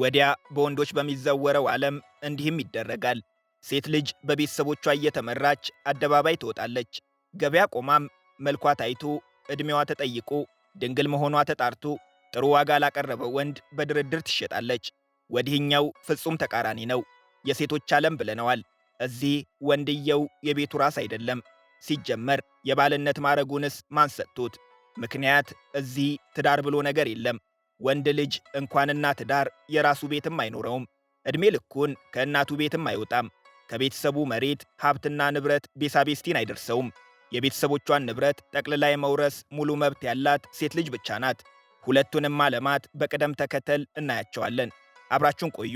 ወዲያ በወንዶች በሚዘወረው ዓለም እንዲህም ይደረጋል። ሴት ልጅ በቤተሰቦቿ እየተመራች አደባባይ ትወጣለች። ገበያ ቆማም መልኳ ታይቶ ዕድሜዋ ተጠይቆ ድንግል መሆኗ ተጣርቶ ጥሩ ዋጋ ላቀረበው ወንድ በድርድር ትሸጣለች። ወዲህኛው ፍጹም ተቃራኒ ነው። የሴቶች ዓለም ብለነዋል። እዚህ ወንድየው የቤቱ ራስ አይደለም። ሲጀመር የባልነት ማዕረጉንስ ማን ሰጥቶት? ምክንያት እዚህ ትዳር ብሎ ነገር የለም። ወንድ ልጅ እንኳንና ትዳር የራሱ ቤትም አይኖረውም። ዕድሜ ልኩን ከእናቱ ቤትም አይወጣም። ከቤተሰቡ መሬት፣ ሀብትና ንብረት ቤሳቤስቲን አይደርሰውም። የቤተሰቦቿን ንብረት ጠቅልላ የመውረስ ሙሉ መብት ያላት ሴት ልጅ ብቻ ናት። ሁለቱንም ዓለማት በቅደም ተከተል እናያቸዋለን። አብራችሁን ቆዩ።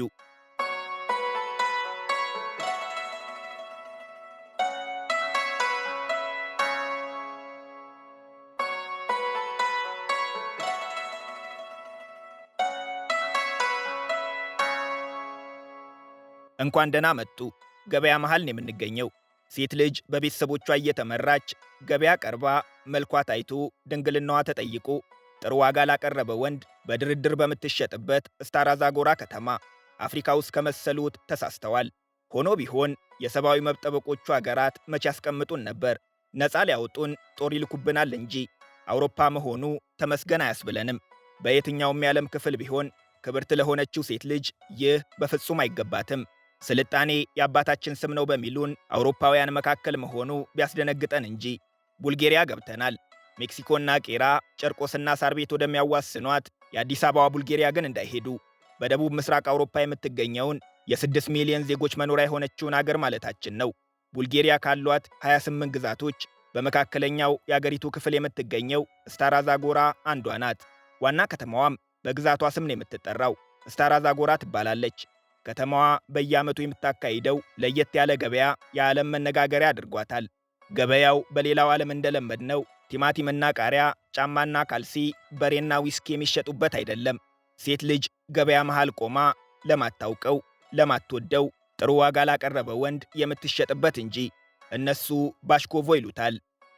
እንኳን ደህና መጡ። ገበያ መሃል ነው የምንገኘው። ሴት ልጅ በቤተሰቦቿ እየተመራች ገበያ ቀርባ መልኳ ታይቶ ድንግልናዋ ተጠይቆ ጥሩ ዋጋ ላቀረበ ወንድ በድርድር በምትሸጥበት ስታራ ዛጎራ ከተማ አፍሪካ ውስጥ ከመሰሉት ተሳስተዋል። ሆኖ ቢሆን የሰብአዊ መብት ጠበቆቹ አገራት መቼ ያስቀምጡን ነበር? ነፃ ሊያወጡን ጦር ይልኩብናል እንጂ አውሮፓ መሆኑ ተመስገን አያስብለንም። በየትኛውም የዓለም ክፍል ቢሆን ክብርት ለሆነችው ሴት ልጅ ይህ በፍጹም አይገባትም። ስልጣኔ የአባታችን ስም ነው በሚሉን አውሮፓውያን መካከል መሆኑ ቢያስደነግጠን እንጂ ቡልጌሪያ ገብተናል። ሜክሲኮና ቄራ፣ ጨርቆስና ሳር ቤት ወደሚያዋስኗት የአዲስ አበባ ቡልጌሪያ ግን እንዳይሄዱ በደቡብ ምስራቅ አውሮፓ የምትገኘውን የስድስት ሚሊዮን ዜጎች መኖሪያ የሆነችውን አገር ማለታችን ነው። ቡልጌሪያ ካሏት 28 ግዛቶች በመካከለኛው የአገሪቱ ክፍል የምትገኘው ስታራ ዛጎራ አንዷ ናት። ዋና ከተማዋም በግዛቷ ስም ነው የምትጠራው፣ ስታራ ዛጎራ ትባላለች። ከተማዋ በየዓመቱ የምታካሂደው ለየት ያለ ገበያ የዓለም መነጋገሪያ አድርጓታል። ገበያው በሌላው ዓለም እንደለመድ ነው ቲማቲምና ቃሪያ፣ ጫማና ካልሲ፣ በሬና ዊስኪ የሚሸጡበት አይደለም። ሴት ልጅ ገበያ መሃል ቆማ ለማታውቀው፣ ለማትወደው ጥሩ ዋጋ ላቀረበ ወንድ የምትሸጥበት እንጂ እነሱ ባሽኮቮ ይሉታል።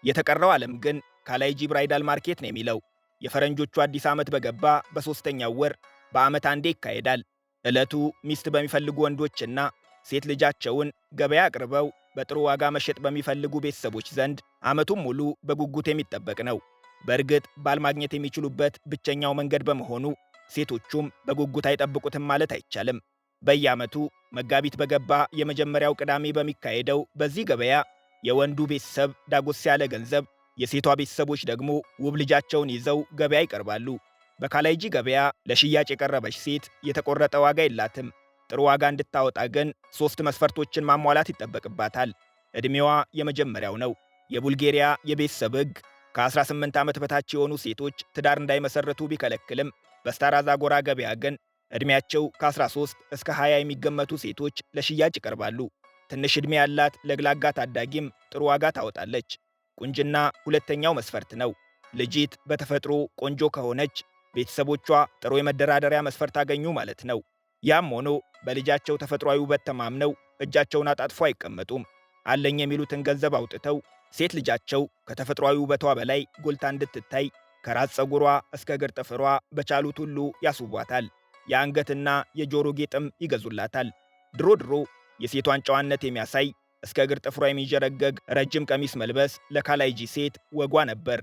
የተቀረው ዓለም ግን ካላይጂ ብራይዳል ማርኬት ነው የሚለው። የፈረንጆቹ አዲስ ዓመት በገባ በሦስተኛው ወር በዓመት አንዴ ይካሄዳል። ዕለቱ ሚስት በሚፈልጉ ወንዶችና ሴት ልጃቸውን ገበያ አቅርበው በጥሩ ዋጋ መሸጥ በሚፈልጉ ቤተሰቦች ዘንድ ዓመቱን ሙሉ በጉጉት የሚጠበቅ ነው። በእርግጥ ባል ማግኘት የሚችሉበት ብቸኛው መንገድ በመሆኑ ሴቶቹም በጉጉት አይጠብቁትም ማለት አይቻልም። በየዓመቱ መጋቢት በገባ የመጀመሪያው ቅዳሜ በሚካሄደው በዚህ ገበያ የወንዱ ቤተሰብ ዳጎስ ያለ ገንዘብ፣ የሴቷ ቤተሰቦች ደግሞ ውብ ልጃቸውን ይዘው ገበያ ይቀርባሉ። በካላይጂ ገበያ ለሽያጭ የቀረበች ሴት የተቆረጠ ዋጋ የላትም። ጥሩ ዋጋ እንድታወጣ ግን ሦስት መስፈርቶችን ማሟላት ይጠበቅባታል። ዕድሜዋ የመጀመሪያው ነው። የቡልጌሪያ የቤተሰብ ሕግ ከ18 ዓመት በታች የሆኑ ሴቶች ትዳር እንዳይመሠረቱ ቢከለክልም በስታራ ዛጎራ ገበያ ግን ዕድሜያቸው ከ13 እስከ 20 የሚገመቱ ሴቶች ለሽያጭ ይቀርባሉ። ትንሽ ዕድሜ ያላት ለግላጋ ታዳጊም ጥሩ ዋጋ ታወጣለች። ቁንጅና ሁለተኛው መስፈርት ነው። ልጅት በተፈጥሮ ቆንጆ ከሆነች ቤተሰቦቿ ጥሩ የመደራደሪያ መስፈርት አገኙ ማለት ነው። ያም ሆኖ በልጃቸው ተፈጥሯዊ ውበት ተማምነው እጃቸውን አጣጥፎ አይቀመጡም። አለኝ የሚሉትን ገንዘብ አውጥተው ሴት ልጃቸው ከተፈጥሯዊ ውበቷ በላይ ጎልታ እንድትታይ ከራስ ፀጉሯ እስከ እግር ጥፍሯ በቻሉት ሁሉ ያስውቧታል። የአንገትና የጆሮ ጌጥም ይገዙላታል። ድሮ ድሮ የሴቷን ጨዋነት የሚያሳይ እስከ እግር ጥፍሯ የሚጀረገግ ረጅም ቀሚስ መልበስ ለካላይጂ ሴት ወጓ ነበር።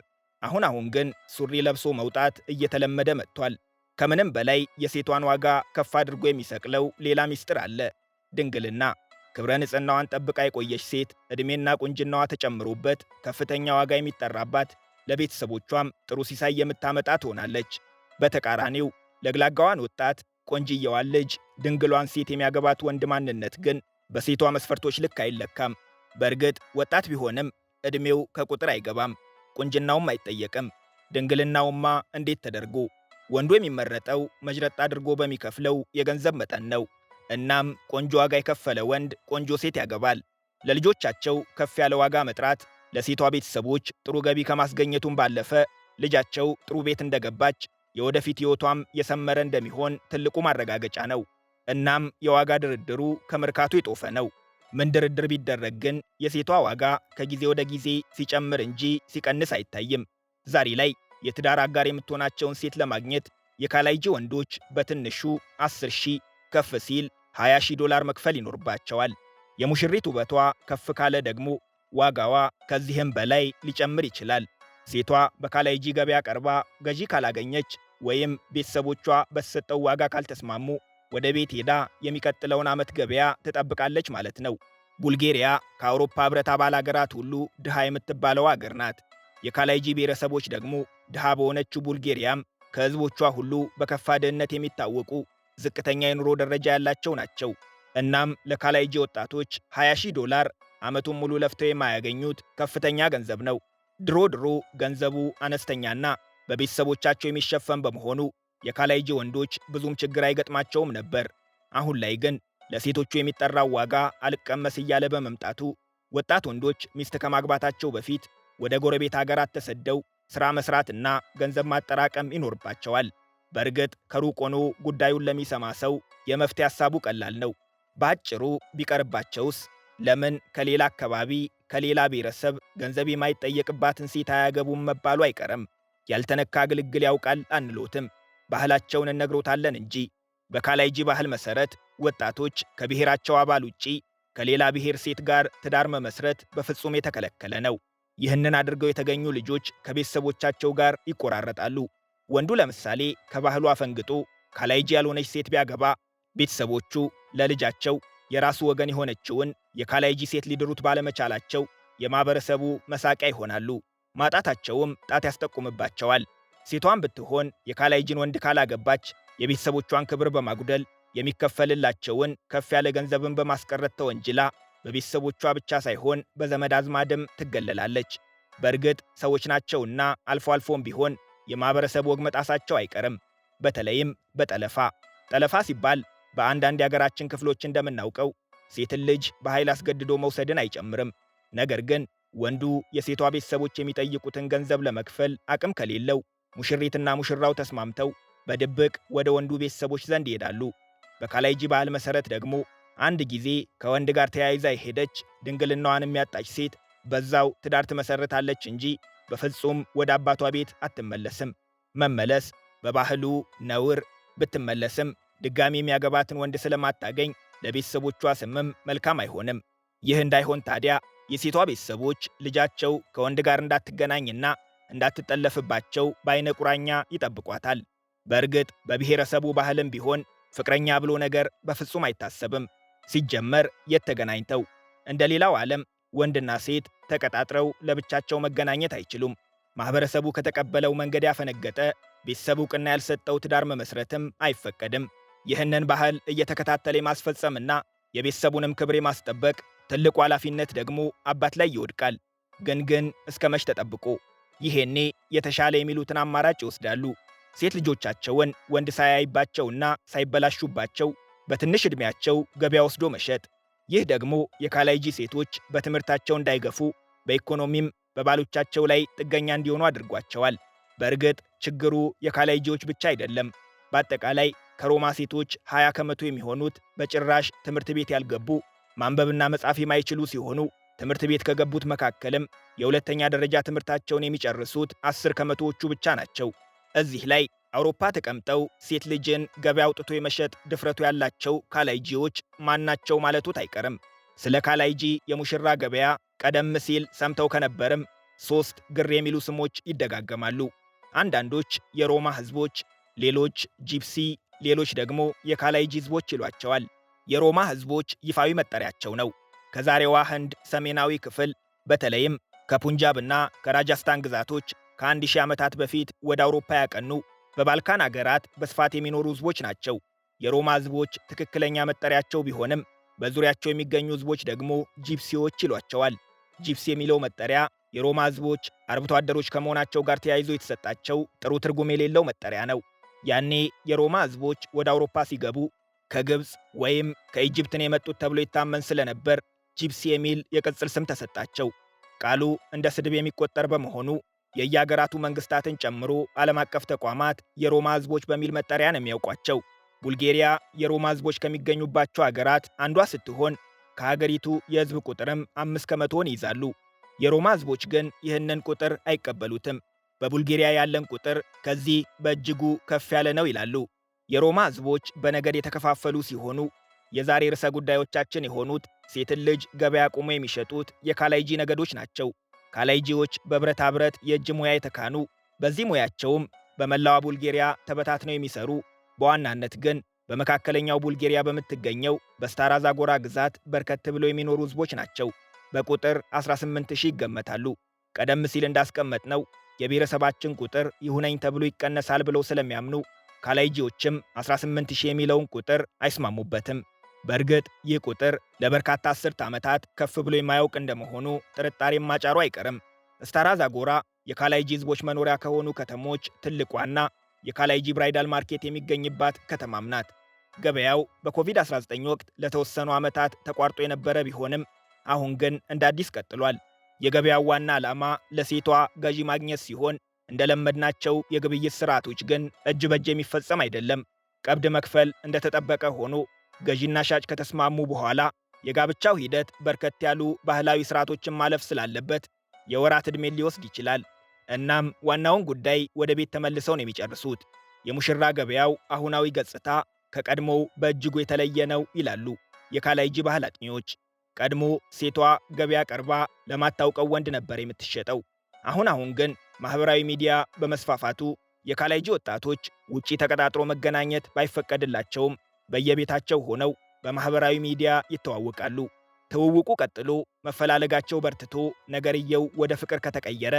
አሁን አሁን ግን ሱሪ ለብሶ መውጣት እየተለመደ መጥቷል። ከምንም በላይ የሴቷን ዋጋ ከፍ አድርጎ የሚሰቅለው ሌላ ሚስጥር አለ። ድንግልና። ክብረ ንጽሕናዋን ጠብቃ የቆየች ሴት ዕድሜና ቁንጅናዋ ተጨምሮበት ከፍተኛ ዋጋ የሚጠራባት፣ ለቤተሰቦቿም ጥሩ ሲሳይ የምታመጣ ትሆናለች። በተቃራኒው ለግላጋዋን ወጣት ቆንጅየዋን ልጅ ድንግሏን ሴት የሚያገባት ወንድ ማንነት ግን በሴቷ መስፈርቶች ልክ አይለካም። በእርግጥ ወጣት ቢሆንም ዕድሜው ከቁጥር አይገባም። ቁንጅናውም አይጠየቅም። ድንግልናውማ እንዴት ተደርጎ! ወንዱ የሚመረጠው መጅረጣ አድርጎ በሚከፍለው የገንዘብ መጠን ነው። እናም ቆንጆ ዋጋ የከፈለ ወንድ ቆንጆ ሴት ያገባል። ለልጆቻቸው ከፍ ያለ ዋጋ መጥራት ለሴቷ ቤተሰቦች ጥሩ ገቢ ከማስገኘቱም ባለፈ ልጃቸው ጥሩ ቤት እንደገባች የወደፊት ሕይወቷም የሰመረ እንደሚሆን ትልቁ ማረጋገጫ ነው። እናም የዋጋ ድርድሩ ከመርካቱ የጦፈ ነው። ምን ድርድር ቢደረግ ግን የሴቷ ዋጋ ከጊዜ ወደ ጊዜ ሲጨምር እንጂ ሲቀንስ አይታይም። ዛሬ ላይ የትዳር አጋር የምትሆናቸውን ሴት ለማግኘት የካላይጂ ወንዶች በትንሹ 10 ሺህ ከፍ ሲል 20 ሺህ ዶላር መክፈል ይኖርባቸዋል። የሙሽሪት ውበቷ ከፍ ካለ ደግሞ ዋጋዋ ከዚህም በላይ ሊጨምር ይችላል። ሴቷ በካላይጂ ገበያ ቀርባ ገዢ ካላገኘች ወይም ቤተሰቦቿ በተሰጠው ዋጋ ካልተስማሙ ወደ ቤት ሄዳ የሚቀጥለውን ዓመት ገበያ ትጠብቃለች ማለት ነው። ቡልጌሪያ ከአውሮፓ ኅብረት አባል አገራት ሁሉ ድሃ የምትባለው አገር ናት። የካላይጂ ብሔረሰቦች ደግሞ ድሃ በሆነችው ቡልጌሪያም ከሕዝቦቿ ሁሉ በከፋ ድህነት የሚታወቁ ዝቅተኛ የኑሮ ደረጃ ያላቸው ናቸው። እናም ለካላይጂ ወጣቶች 20 ሺህ ዶላር ዓመቱን ሙሉ ለፍተው የማያገኙት ከፍተኛ ገንዘብ ነው። ድሮ ድሮ ገንዘቡ አነስተኛና በቤተሰቦቻቸው የሚሸፈን በመሆኑ የካላይጂ ወንዶች ብዙም ችግር አይገጥማቸውም ነበር። አሁን ላይ ግን ለሴቶቹ የሚጠራው ዋጋ አልቀመስ እያለ በመምጣቱ ወጣት ወንዶች ሚስት ከማግባታቸው በፊት ወደ ጎረቤት አገራት ተሰደው ሥራ መሥራትና ገንዘብ ማጠራቀም ይኖርባቸዋል። በእርግጥ ከሩቅ ሆኖ ጉዳዩን ለሚሰማ ሰው የመፍትሄ ሐሳቡ ቀላል ነው። በአጭሩ ቢቀርባቸውስ ለምን ከሌላ አካባቢ ከሌላ ብሔረሰብ ገንዘብ የማይጠየቅባትን ሴት አያገቡም መባሉ አይቀርም። ያልተነካ ግልግል ያውቃል አንሎትም። ባህላቸውን እነግሮታለን እንጂ በካላይጂ ባህል መሠረት ወጣቶች ከብሔራቸው አባል ውጪ ከሌላ ብሔር ሴት ጋር ትዳር መመስረት በፍጹም የተከለከለ ነው። ይህንን አድርገው የተገኙ ልጆች ከቤተሰቦቻቸው ጋር ይቆራረጣሉ። ወንዱ ለምሳሌ ከባህሉ አፈንግጦ ካላይጂ ያልሆነች ሴት ቢያገባ ቤተሰቦቹ ለልጃቸው የራሱ ወገን የሆነችውን የካላይጂ ሴት ሊድሩት ባለመቻላቸው የማኅበረሰቡ መሳቂያ ይሆናሉ። ማጣታቸውም ጣት ያስጠቁምባቸዋል። ሴቷን ብትሆን የካላይጅን ወንድ ካላገባች የቤተሰቦቿን ክብር በማጉደል የሚከፈልላቸውን ከፍ ያለ ገንዘብን በማስቀረት ተወንጅላ በቤተሰቦቿ ብቻ ሳይሆን በዘመድ አዝማድም ትገለላለች። በእርግጥ ሰዎች ናቸውና አልፎ አልፎም ቢሆን የማኅበረሰብ ወግ መጣሳቸው አይቀርም። በተለይም በጠለፋ ጠለፋ ሲባል በአንዳንድ የአገራችን ክፍሎች እንደምናውቀው ሴትን ልጅ በኃይል አስገድዶ መውሰድን አይጨምርም። ነገር ግን ወንዱ የሴቷ ቤተሰቦች የሚጠይቁትን ገንዘብ ለመክፈል አቅም ከሌለው ሙሽሪትና ሙሽራው ተስማምተው በድብቅ ወደ ወንዱ ቤተሰቦች ዘንድ ይሄዳሉ። በካላይጂ ባህል መሠረት ደግሞ አንድ ጊዜ ከወንድ ጋር ተያይዛ የሄደች ድንግልናዋን የሚያጣች ሴት በዛው ትዳር ትመሠርታለች እንጂ በፍጹም ወደ አባቷ ቤት አትመለስም። መመለስ በባህሉ ነውር፣ ብትመለስም ድጋሚ የሚያገባትን ወንድ ስለማታገኝ ለቤተሰቦቿ ስምም መልካም አይሆንም። ይህ እንዳይሆን ታዲያ የሴቷ ቤተሰቦች ልጃቸው ከወንድ ጋር እንዳትገናኝና እንዳትጠለፍባቸው በአይነ ቁራኛ ይጠብቋታል። በእርግጥ በብሔረሰቡ ባህልም ቢሆን ፍቅረኛ ብሎ ነገር በፍጹም አይታሰብም። ሲጀመር የት ተገናኝተው? እንደ ሌላው ዓለም ወንድና ሴት ተቀጣጥረው ለብቻቸው መገናኘት አይችሉም። ማኅበረሰቡ ከተቀበለው መንገድ ያፈነገጠ ቤተሰብ ዕውቅና ያልሰጠው ትዳር መመስረትም አይፈቀድም። ይህንን ባህል እየተከታተለ የማስፈጸምና የቤተሰቡንም ክብር የማስጠበቅ ትልቁ ኃላፊነት ደግሞ አባት ላይ ይወድቃል። ግን ግን እስከ መች ተጠብቆ ይሄኔ የተሻለ የሚሉትን አማራጭ ይወስዳሉ። ሴት ልጆቻቸውን ወንድ ሳያይባቸውና ሳይበላሹባቸው በትንሽ ዕድሜያቸው ገበያ ወስዶ መሸጥ። ይህ ደግሞ የካላይጂ ሴቶች በትምህርታቸው እንዳይገፉ በኢኮኖሚም በባሎቻቸው ላይ ጥገኛ እንዲሆኑ አድርጓቸዋል። በእርግጥ ችግሩ የካላይጂዎች ብቻ አይደለም። በአጠቃላይ ከሮማ ሴቶች 20 ከመቶ የሚሆኑት በጭራሽ ትምህርት ቤት ያልገቡ ማንበብና መጻፍ የማይችሉ ሲሆኑ ትምህርት ቤት ከገቡት መካከልም የሁለተኛ ደረጃ ትምህርታቸውን የሚጨርሱት አስር ከመቶዎቹ ብቻ ናቸው። እዚህ ላይ አውሮፓ ተቀምጠው ሴት ልጅን ገበያ አውጥቶ የመሸጥ ድፍረቱ ያላቸው ካላይጂዎች ማናቸው ማለቱት አይቀርም። ስለ ካላይጂ የሙሽራ ገበያ ቀደም ሲል ሰምተው ከነበርም ሦስት ግር የሚሉ ስሞች ይደጋገማሉ። አንዳንዶች የሮማ ሕዝቦች፣ ሌሎች ጂፕሲ፣ ሌሎች ደግሞ የካላይጂ ሕዝቦች ይሏቸዋል። የሮማ ሕዝቦች ይፋዊ መጠሪያቸው ነው። ከዛሬዋ ህንድ ሰሜናዊ ክፍል በተለይም ከፑንጃብና ከራጃስታን ግዛቶች ከአንድ ሺህ ዓመታት በፊት ወደ አውሮፓ ያቀኑ በባልካን አገራት በስፋት የሚኖሩ ህዝቦች ናቸው። የሮማ ህዝቦች ትክክለኛ መጠሪያቸው ቢሆንም በዙሪያቸው የሚገኙ ህዝቦች ደግሞ ጂፕሲዎች ይሏቸዋል። ጂፕሲ የሚለው መጠሪያ የሮማ ህዝቦች አርብቶ አደሮች ከመሆናቸው ጋር ተያይዞ የተሰጣቸው ጥሩ ትርጉም የሌለው መጠሪያ ነው። ያኔ የሮማ ህዝቦች ወደ አውሮፓ ሲገቡ ከግብፅ ወይም ከኢጅፕትን የመጡት ተብሎ ይታመን ስለነበር ጂፕሲ የሚል የቅጽል ስም ተሰጣቸው። ቃሉ እንደ ስድብ የሚቆጠር በመሆኑ የየአገራቱ መንግስታትን ጨምሮ ዓለም አቀፍ ተቋማት የሮማ ህዝቦች በሚል መጠሪያ ነው የሚያውቋቸው። ቡልጌሪያ የሮማ ህዝቦች ከሚገኙባቸው አገራት አንዷ ስትሆን ከሀገሪቱ የህዝብ ቁጥርም አምስት ከመቶውን ይይዛሉ። የሮማ ህዝቦች ግን ይህንን ቁጥር አይቀበሉትም። በቡልጌሪያ ያለን ቁጥር ከዚህ በእጅጉ ከፍ ያለ ነው ይላሉ። የሮማ ህዝቦች በነገድ የተከፋፈሉ ሲሆኑ የዛሬ ርዕሰ ጉዳዮቻችን የሆኑት ሴትን ልጅ ገበያ ቆመው የሚሸጡት የካላይጂ ነገዶች ናቸው። ካላይጂዎች በብረታ ብረት የእጅ ሙያ የተካኑ፣ በዚህ ሙያቸውም በመላዋ ቡልጌሪያ ተበታትነው የሚሰሩ በዋናነት ግን በመካከለኛው ቡልጌሪያ በምትገኘው በስታራ ዛጎራ ግዛት በርከት ብለው የሚኖሩ ህዝቦች ናቸው። በቁጥር 18 ሺህ ይገመታሉ። ቀደም ሲል እንዳስቀመጥ ነው የብሔረሰባችን ቁጥር ይሁነኝ ተብሎ ይቀነሳል ብለው ስለሚያምኑ ካላይጂዎችም 18 ሺህ የሚለውን ቁጥር አይስማሙበትም። በእርግጥ ይህ ቁጥር ለበርካታ አስርት ዓመታት ከፍ ብሎ የማያውቅ እንደመሆኑ ጥርጣሬ ማጫሩ አይቀርም። ስታራ ዛጎራ የካላይጂ ህዝቦች መኖሪያ ከሆኑ ከተሞች ትልቋና የካላይጂ ብራይዳል ማርኬት የሚገኝባት ከተማም ናት። ገበያው በኮቪድ-19 ወቅት ለተወሰኑ ዓመታት ተቋርጦ የነበረ ቢሆንም አሁን ግን እንደ አዲስ ቀጥሏል። የገበያው ዋና ዓላማ ለሴቷ ገዢ ማግኘት ሲሆን እንደለመድናቸው የግብይት ስርዓቶች ግን እጅ በእጅ የሚፈጸም አይደለም። ቀብድ መክፈል እንደተጠበቀ ሆኖ ገዢና ሻጭ ከተስማሙ በኋላ የጋብቻው ሂደት በርከት ያሉ ባህላዊ ስርዓቶችን ማለፍ ስላለበት የወራት ዕድሜ ሊወስድ ይችላል። እናም ዋናውን ጉዳይ ወደ ቤት ተመልሰው ነው የሚጨርሱት። የሙሽራ ገበያው አሁናዊ ገጽታ ከቀድሞው በእጅጉ የተለየ ነው ይላሉ የካላይጂ ባህል አጥኚዎች። ቀድሞ ሴቷ ገበያ ቀርባ ለማታውቀው ወንድ ነበር የምትሸጠው። አሁን አሁን ግን ማኅበራዊ ሚዲያ በመስፋፋቱ የካላይጂ ወጣቶች ውጪ ተቀጣጥሮ መገናኘት ባይፈቀድላቸውም በየቤታቸው ሆነው በማኅበራዊ ሚዲያ ይተዋወቃሉ። ትውውቁ ቀጥሎ መፈላለጋቸው በርትቶ ነገርየው ወደ ፍቅር ከተቀየረ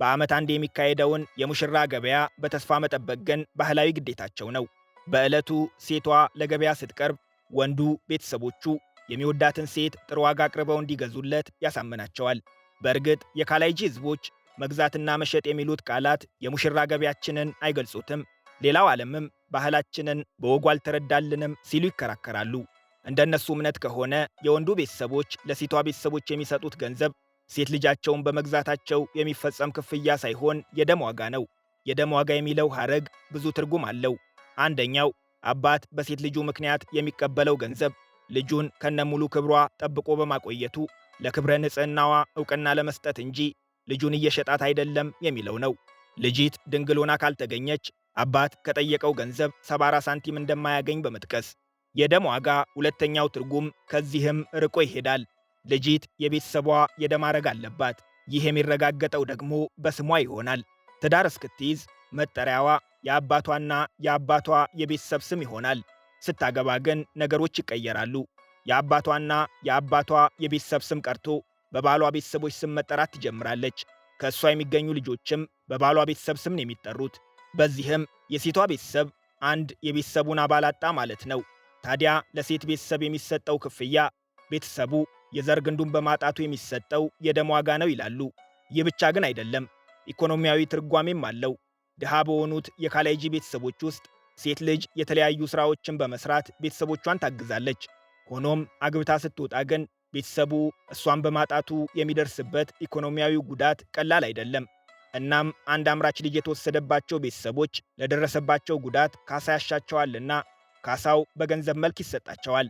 በዓመት አንድ የሚካሄደውን የሙሽራ ገበያ በተስፋ መጠበቅ ግን ባህላዊ ግዴታቸው ነው። በዕለቱ ሴቷ ለገበያ ስትቀርብ ወንዱ ቤተሰቦቹ የሚወዳትን ሴት ጥሩ ዋጋ አቅርበው እንዲገዙለት ያሳምናቸዋል። በእርግጥ የካላይጂ ሕዝቦች መግዛትና መሸጥ የሚሉት ቃላት የሙሽራ ገበያችንን አይገልጹትም። ሌላው ዓለምም ባህላችንን በወጉ አልተረዳልንም ሲሉ ይከራከራሉ። እንደነሱ እምነት ከሆነ የወንዱ ቤተሰቦች ለሴቷ ቤተሰቦች የሚሰጡት ገንዘብ ሴት ልጃቸውን በመግዛታቸው የሚፈጸም ክፍያ ሳይሆን የደም ዋጋ ነው። የደም ዋጋ የሚለው ሐረግ ብዙ ትርጉም አለው። አንደኛው አባት በሴት ልጁ ምክንያት የሚቀበለው ገንዘብ ልጁን ከነሙሉ ክብሯ ጠብቆ በማቆየቱ ለክብረ ንጽህናዋ ዕውቅና ለመስጠት እንጂ ልጁን እየሸጣት አይደለም የሚለው ነው። ልጅት ድንግል ሆና ካልተገኘች አባት ከጠየቀው ገንዘብ 74 ሳንቲም እንደማያገኝ በመጥቀስ የደም ዋጋ ሁለተኛው ትርጉም ከዚህም ርቆ ይሄዳል። ልጅት የቤተሰቧ የደም አረግ አለባት። ይህ የሚረጋገጠው ደግሞ በስሟ ይሆናል። ትዳር እስክትይዝ መጠሪያዋ የአባቷና የአባቷ የቤተሰብ ስም ይሆናል። ስታገባ ግን ነገሮች ይቀየራሉ። የአባቷና የአባቷ የቤተሰብ ስም ቀርቶ በባሏ ቤተሰቦች ስም መጠራት ትጀምራለች። ከእሷ የሚገኙ ልጆችም በባሏ ቤተሰብ ስም ነው የሚጠሩት። በዚህም የሴቷ ቤተሰብ አንድ የቤተሰቡን አባል አጣ ማለት ነው። ታዲያ ለሴት ቤተሰብ የሚሰጠው ክፍያ ቤተሰቡ የዘር ግንዱን በማጣቱ የሚሰጠው የደም ዋጋ ነው ይላሉ። ይህ ብቻ ግን አይደለም፣ ኢኮኖሚያዊ ትርጓሜም አለው። ድሃ በሆኑት የካላይጂ ቤተሰቦች ውስጥ ሴት ልጅ የተለያዩ ሥራዎችን በመስራት ቤተሰቦቿን ታግዛለች። ሆኖም አግብታ ስትወጣ ግን ቤተሰቡ እሷን በማጣቱ የሚደርስበት ኢኮኖሚያዊ ጉዳት ቀላል አይደለም። እናም አንድ አምራች ልጅ የተወሰደባቸው ቤተሰቦች ለደረሰባቸው ጉዳት ካሳ ያሻቸዋልና ካሳው በገንዘብ መልክ ይሰጣቸዋል።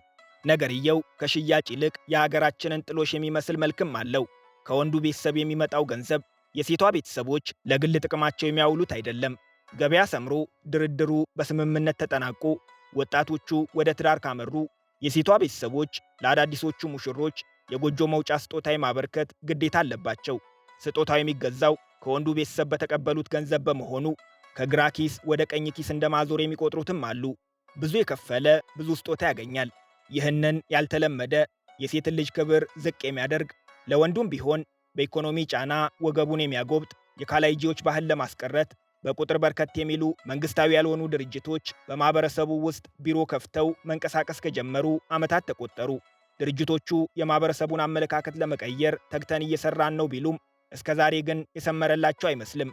ነገርየው ከሽያጭ ይልቅ የሀገራችንን ጥሎሽ የሚመስል መልክም አለው። ከወንዱ ቤተሰብ የሚመጣው ገንዘብ የሴቷ ቤተሰቦች ለግል ጥቅማቸው የሚያውሉት አይደለም። ገበያ ሰምሮ ድርድሩ በስምምነት ተጠናቆ ወጣቶቹ ወደ ትዳር ካመሩ የሴቷ ቤተሰቦች ለአዳዲሶቹ ሙሽሮች የጎጆ መውጫ ስጦታ የማበርከት ግዴታ አለባቸው። ስጦታው የሚገዛው ከወንዱ ቤተሰብ በተቀበሉት ገንዘብ በመሆኑ ከግራ ኪስ ወደ ቀኝ ኪስ እንደማዞር የሚቆጥሩትም አሉ። ብዙ የከፈለ ብዙ ስጦታ ያገኛል። ይህንን ያልተለመደ የሴትን ልጅ ክብር ዝቅ የሚያደርግ ለወንዱም ቢሆን በኢኮኖሚ ጫና ወገቡን የሚያጎብጥ የካላይጂዎች ባህል ለማስቀረት በቁጥር በርከት የሚሉ መንግስታዊ ያልሆኑ ድርጅቶች በማኅበረሰቡ ውስጥ ቢሮ ከፍተው መንቀሳቀስ ከጀመሩ ዓመታት ተቆጠሩ። ድርጅቶቹ የማኅበረሰቡን አመለካከት ለመቀየር ተግተን እየሠራን ነው ቢሉም እስከ ዛሬ ግን የሰመረላቸው አይመስልም።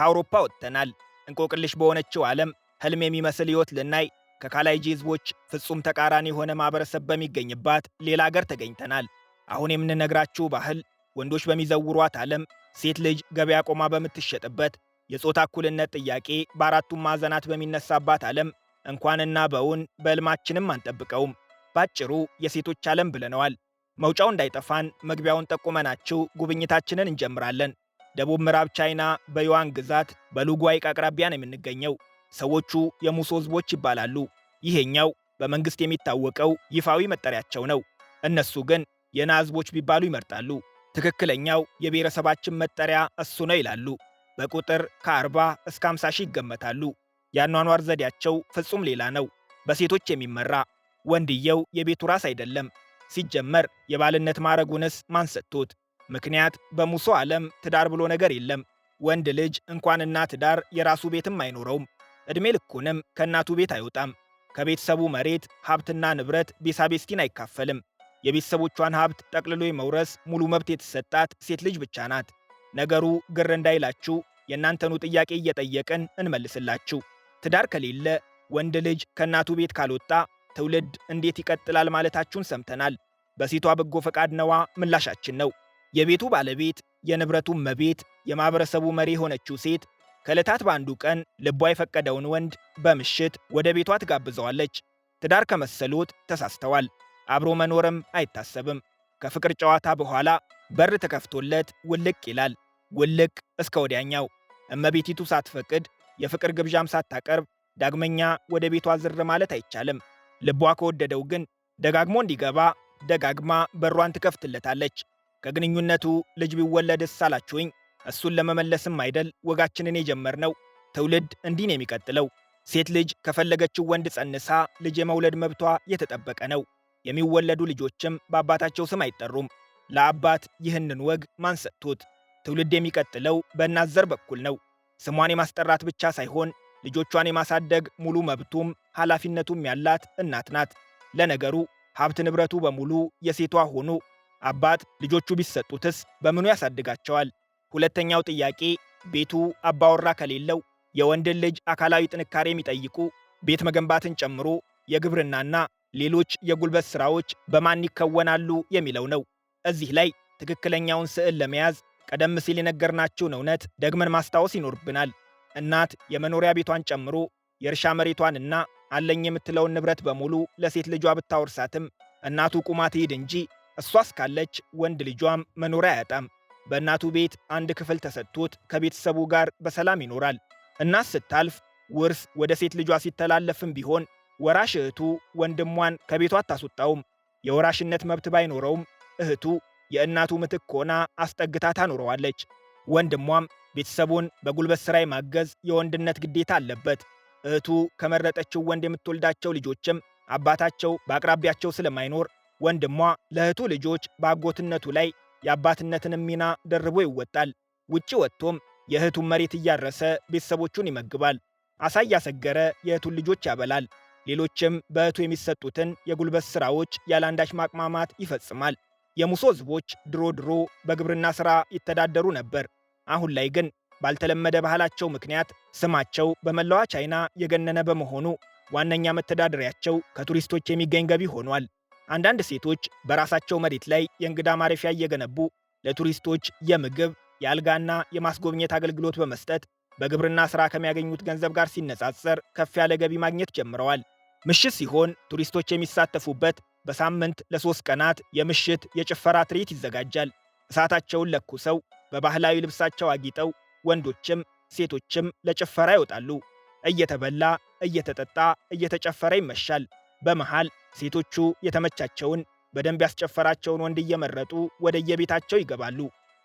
ከአውሮፓ ወጥተናል። እንቆቅልሽ በሆነችው ዓለም ህልም የሚመስል ሕይወት ልናይ ከካላይጂ ህዝቦች ፍጹም ተቃራኒ የሆነ ማኅበረሰብ በሚገኝባት ሌላ አገር ተገኝተናል። አሁን የምንነግራችሁ ባህል ወንዶች በሚዘውሯት ዓለም ሴት ልጅ ገበያ ቆማ በምትሸጥበት፣ የጾታ እኩልነት ጥያቄ በአራቱም ማዕዘናት በሚነሳባት ዓለም እንኳንና በውን በዕልማችንም አንጠብቀውም። ባጭሩ የሴቶች ዓለም ብለነዋል። መውጫው እንዳይጠፋን መግቢያውን ጠቁመናችሁ ጉብኝታችንን እንጀምራለን። ደቡብ ምዕራብ ቻይና በዩዋን ግዛት በሉጉ ሐይቅ አቅራቢያ ነው የምንገኘው። ሰዎቹ የሙሶ ሕዝቦች ይባላሉ። ይሄኛው በመንግሥት የሚታወቀው ይፋዊ መጠሪያቸው ነው። እነሱ ግን የና ሕዝቦች ቢባሉ ይመርጣሉ። ትክክለኛው የብሔረሰባችን መጠሪያ እሱ ነው ይላሉ። በቁጥር ከ40 እስከ 50 ሺህ ይገመታሉ። የአኗኗር ዘዴያቸው ፍጹም ሌላ ነው፣ በሴቶች የሚመራ ወንድየው የቤቱ ራስ አይደለም። ሲጀመር የባልነት ማዕረጉንስ ማን ሰጥቶት? ምክንያት በሙሶ ዓለም ትዳር ብሎ ነገር የለም። ወንድ ልጅ እንኳንና ትዳር የራሱ ቤትም አይኖረውም። ዕድሜ ልኩንም ከእናቱ ቤት አይወጣም። ከቤተሰቡ መሬት ሀብትና ንብረት ቤሳቤስቲን አይካፈልም። የቤተሰቦቿን ሀብት ጠቅልሎ የመውረስ ሙሉ መብት የተሰጣት ሴት ልጅ ብቻ ናት። ነገሩ ግር እንዳይላችሁ የእናንተኑ ጥያቄ እየጠየቅን እንመልስላችሁ። ትዳር ከሌለ ወንድ ልጅ ከእናቱ ቤት ካልወጣ ትውልድ እንዴት ይቀጥላል ማለታችሁን ሰምተናል። በሴቷ በጎ ፈቃድ ነዋ ምላሻችን ነው። የቤቱ ባለቤት፣ የንብረቱ እመቤት፣ የማኅበረሰቡ መሪ የሆነችው ሴት ከዕለታት በአንዱ ቀን ልቧ የፈቀደውን ወንድ በምሽት ወደ ቤቷ ትጋብዘዋለች። ትዳር ከመሰሎት ተሳስተዋል። አብሮ መኖርም አይታሰብም። ከፍቅር ጨዋታ በኋላ በር ተከፍቶለት ውልቅ ይላል። ውልቅ እስከ ወዲያኛው። እመቤቲቱ ሳትፈቅድ የፍቅር ግብዣም ሳታቀርብ ዳግመኛ ወደ ቤቷ ዝር ማለት አይቻልም። ልቧ ከወደደው ግን ደጋግሞ እንዲገባ ደጋግማ በሯን ትከፍትለታለች። ከግንኙነቱ ልጅ ቢወለድስ አላችሁኝ። እሱን ለመመለስም አይደል ወጋችንን የጀመርነው። ትውልድ እንዲህ ነው የሚቀጥለው። ሴት ልጅ ከፈለገችው ወንድ ጸንሳ ልጅ የመውለድ መብቷ የተጠበቀ ነው። የሚወለዱ ልጆችም በአባታቸው ስም አይጠሩም። ለአባት ይህንን ወግ ማን ሰጥቶት? ትውልድ የሚቀጥለው በእናት ዘር በኩል ነው። ስሟን የማስጠራት ብቻ ሳይሆን ልጆቿን የማሳደግ ሙሉ መብቱም ኃላፊነቱም ያላት እናት ናት። ለነገሩ ሀብት ንብረቱ በሙሉ የሴቷ ሆኖ አባት ልጆቹ ቢሰጡትስ በምኑ ያሳድጋቸዋል? ሁለተኛው ጥያቄ ቤቱ አባወራ ከሌለው የወንድን ልጅ አካላዊ ጥንካሬ የሚጠይቁ ቤት መገንባትን ጨምሮ የግብርናና ሌሎች የጉልበት ሥራዎች በማን ይከወናሉ የሚለው ነው። እዚህ ላይ ትክክለኛውን ስዕል ለመያዝ ቀደም ሲል የነገርናችሁን እውነት ደግመን ማስታወስ ይኖርብናል። እናት የመኖሪያ ቤቷን ጨምሮ የእርሻ መሬቷንና አለኝ የምትለውን ንብረት በሙሉ ለሴት ልጇ ብታወርሳትም እናቱ ቁማ ትሂድ እንጂ እሷ እስካለች ወንድ ልጇም መኖሪያ አያጣም። በእናቱ ቤት አንድ ክፍል ተሰጥቶት ከቤተሰቡ ጋር በሰላም ይኖራል። እናት ስታልፍ ውርስ ወደ ሴት ልጇ ሲተላለፍም ቢሆን ወራሽ እህቱ ወንድሟን ከቤቷ አታስወጣውም። የወራሽነት መብት ባይኖረውም እህቱ የእናቱ ምትክ ሆና አስጠግታ ታኖረዋለች። ወንድሟም ቤተሰቡን በጉልበት ሥራ የማገዝ የወንድነት ግዴታ አለበት። እህቱ ከመረጠችው ወንድ የምትወልዳቸው ልጆችም አባታቸው በአቅራቢያቸው ስለማይኖር ወንድሟ ለእህቱ ልጆች በአጎትነቱ ላይ የአባትነትን ሚና ደርቦ ይወጣል። ውጪ ወጥቶም የእህቱን መሬት እያረሰ ቤተሰቦቹን ይመግባል። አሳ እያሰገረ የእህቱን ልጆች ያበላል። ሌሎችም በእቱ የሚሰጡትን የጉልበት ሥራዎች ያለአንዳች ማቅማማት ይፈጽማል። የሙሶ ሕዝቦች ድሮ ድሮ በግብርና ሥራ ይተዳደሩ ነበር። አሁን ላይ ግን ባልተለመደ ባህላቸው ምክንያት ስማቸው በመላዋ ቻይና የገነነ በመሆኑ ዋነኛ መተዳደሪያቸው ከቱሪስቶች የሚገኝ ገቢ ሆኗል። አንዳንድ ሴቶች በራሳቸው መሬት ላይ የእንግዳ ማረፊያ እየገነቡ ለቱሪስቶች የምግብ የአልጋና የማስጎብኘት አገልግሎት በመስጠት በግብርና ሥራ ከሚያገኙት ገንዘብ ጋር ሲነጻጸር ከፍ ያለ ገቢ ማግኘት ጀምረዋል። ምሽት ሲሆን ቱሪስቶች የሚሳተፉበት በሳምንት ለሶስት ቀናት የምሽት የጭፈራ ትርኢት ይዘጋጃል። እሳታቸውን ለኩሰው በባህላዊ ልብሳቸው አጊጠው ወንዶችም ሴቶችም ለጭፈራ ይወጣሉ። እየተበላ እየተጠጣ እየተጨፈረ ይመሻል። በመሃል ሴቶቹ የተመቻቸውን በደንብ ያስጨፈራቸውን ወንድ እየመረጡ ወደየቤታቸው ይገባሉ።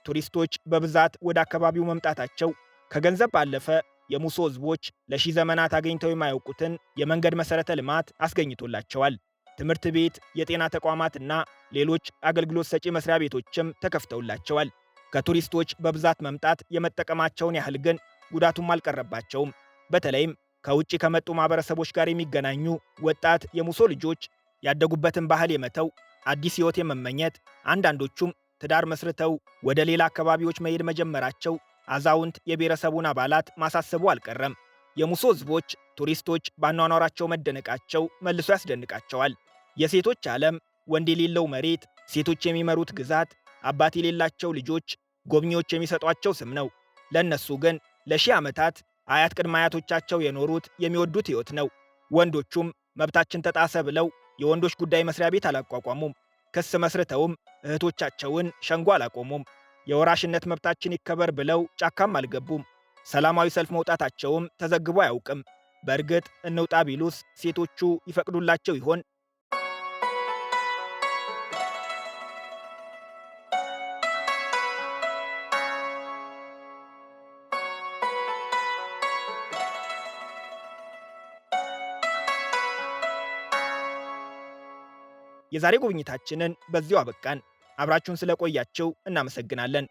ቱሪስቶች በብዛት ወደ አካባቢው መምጣታቸው ከገንዘብ ባለፈ የሙሶ ህዝቦች ለሺ ዘመናት አገኝተው የማያውቁትን የመንገድ መሠረተ ልማት አስገኝቶላቸዋል። ትምህርት ቤት፣ የጤና ተቋማትና ሌሎች አገልግሎት ሰጪ መስሪያ ቤቶችም ተከፍተውላቸዋል። ከቱሪስቶች በብዛት መምጣት የመጠቀማቸውን ያህል ግን ጉዳቱም አልቀረባቸውም። በተለይም ከውጭ ከመጡ ማህበረሰቦች ጋር የሚገናኙ ወጣት የሙሶ ልጆች ያደጉበትን ባህል የመተው አዲስ ሕይወት የመመኘት አንዳንዶቹም ትዳር መስርተው ወደ ሌላ አካባቢዎች መሄድ መጀመራቸው አዛውንት የብሔረሰቡን አባላት ማሳሰቡ አልቀረም። የሙሶ ህዝቦች ቱሪስቶች ባኗኗራቸው መደነቃቸው መልሶ ያስደንቃቸዋል። የሴቶች ዓለም፣ ወንድ የሌለው መሬት፣ ሴቶች የሚመሩት ግዛት፣ አባት የሌላቸው ልጆች ጎብኚዎች የሚሰጧቸው ስም ነው። ለእነሱ ግን ለሺህ ዓመታት አያት ቅድመ አያቶቻቸው የኖሩት የሚወዱት ሕይወት ነው። ወንዶቹም መብታችን ተጣሰ ብለው የወንዶች ጉዳይ መስሪያ ቤት አላቋቋሙም። ክስ መስርተውም እህቶቻቸውን ሸንጎ አላቆሙም። የወራሽነት መብታችን ይከበር ብለው ጫካም አልገቡም። ሰላማዊ ሰልፍ መውጣታቸውም ተዘግቦ አያውቅም። በእርግጥ እንውጣ ቢሉስ ሴቶቹ ይፈቅዱላቸው ይሆን? የዛሬ ጉብኝታችንን በዚሁ አበቃን። አብራችሁን ስለቆያችሁ እናመሰግናለን።